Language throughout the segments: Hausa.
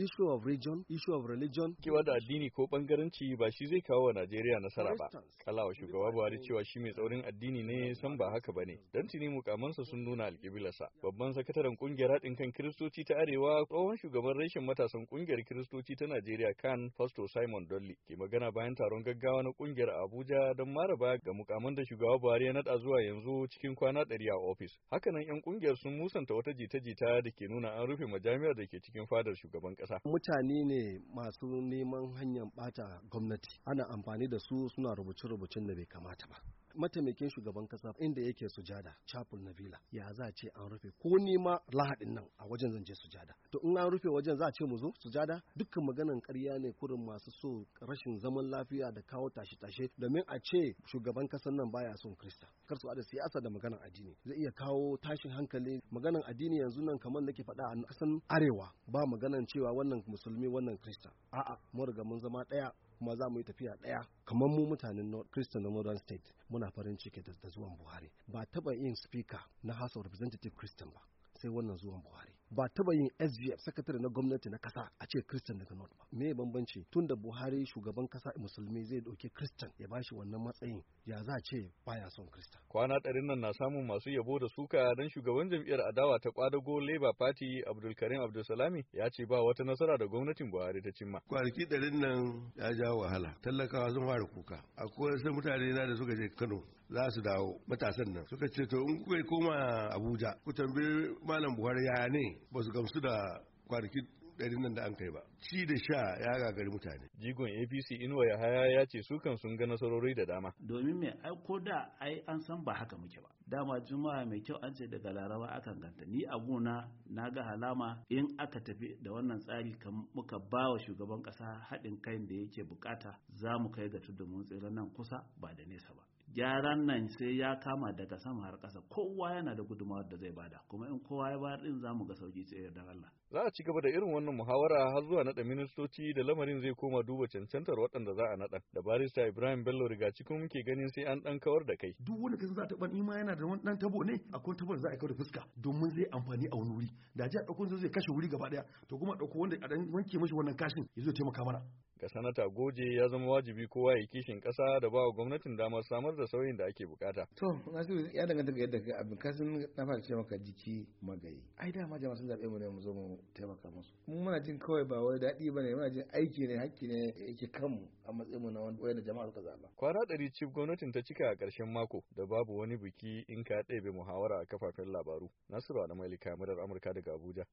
issue of region, issue of religion. da addini ko bangaranci ba shi zai kawo wa Najeriya nasara ba. Kalawa shugaba Buhari cewa shi mai tsaurin addini ne san ba haka bane. Dan tuni mukamansa sun nuna alƙiblarsa. Babban sakataren kungiyar haɗin kan Kiristoci ta Arewa tsohon shugaban reshen matasan kungiyar Kiristoci ta Najeriya kan Pastor Simon Dolly ke magana bayan taron gaggawa na kungiyar Abuja don maraba ga mukaman da shugaba Buhari ya nada zuwa yanzu cikin kwana ɗari a ofis. Hakanan 'yan kungiyar sun musanta wata jita-jita da ke nuna an rufe majami'ar da ke cikin fadar shugaban ƙasa. ƙasa mutane ne masu neman hanyar bata gwamnati ana amfani da su suna rubuce-rubucen da bai kamata ba mataimakin shugaban kasa inda yake sujada chapel na villa ya za a ce an rufe ko ni lahadin nan a wajen zan je sujada to in an rufe wajen za a ce mu zo sujada dukkan maganan ƙarya ne kurin masu so rashin zaman lafiya da kawo tashi tashe domin a ce shugaban kasan nan baya son krista kar su da siyasa da maganan addini zai iya kawo tashin hankali maganan addini yanzu nan kamar nake faɗa a kasan arewa ba maganan cewa wannan musulmi wannan krista a'a mun riga mun zama ɗaya kuma za mu yi tafiya ɗaya kamar mu mutanen Christian Northern State muna farin ciki da zuwan Buhari ba taɓa yin speaker na House of Representative Christian ba sai wannan zuwan Buhari ba taba yin SGF sakatare na gwamnati na kasa a ce Christian daga North ba me bambanci tunda Buhari shugaban kasa musulmi zai dauke Christian ya bashi wannan matsayin ya za ce baya son Christian kwana ɗarin nan na samun masu yabo da suka dan shugaban jam'iyyar adawa ta kwadago Labour Party Abdulkarim Abdulsalami ya ce ba wata nasara da gwamnatin Buhari ta cimma kwanaki ɗarin nan ya ja wahala talakawa sun fara kuka akwai wasu mutane na da suka je Kano za su dawo matasan nan suka ce to in kuka koma Abuja ku tambayi malam Buhari ya ne ba su gamsu da kwanaki ɗarin nan da an kai ba ci da sha ya gagari mutane jigon apc inuwa ya haya ya ce su kan sun ga nasarori da dama domin mai ai ko da ai an san ba haka muke ba dama juma'a mai kyau an ce daga laraba akan ganta ni a gona na ga halama in aka tafi da wannan tsari kan muka ba wa shugaban ƙasa haɗin kai da yake bukata za mu kai ga tudun mun tsira nan kusa ba da nesa ba gyaran nan sai ya kama daga sama har ƙasa kowa yana da gudunmawar da zai bada kuma in kowa ya bayar din zamu ga sauki sai yardan Allah za a ci gaba da irin wannan muhawara har zuwa naɗa ministoci da lamarin zai koma duba cancantar waɗanda za a naɗa da barista Ibrahim Bello riga cikin muke ganin sai an dan kawar da kai duk wanda kan za ta ban ima yana da wani ɗan tabo ne akwai tabo da za a kawar da fuska domin zai amfani a wani wuri da ji a ɗauko zai kashe wuri gaba ɗaya to kuma ɗauko wanda a dan wanke mashi wannan kashin ya zo taimaka mana ga sanata goje ya zama wajibi kowa ya kishin ƙasa da ba wa gwamnatin damar samar da sauyin da ake bukata. To, Nasiru ya danganta ga yadda ka abin kasan na fara ce maka jiki magayi. Ai da jama'a sun zaɓe mu ne mu zo mu taimaka musu. Mu muna jin kawai ba wani daɗi ba ne, muna jin aiki ne, hakki ne yake kanmu a matsayin mu na wanda jama'a suka zaɓa. Kwana ɗari cif gwamnatin ta cika a ƙarshen mako da babu wani biki in ka ɗebe muhawara a kafafen labaru. Nasiru Adamu Ali Murar Amurka daga Abuja,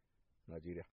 Najeriya.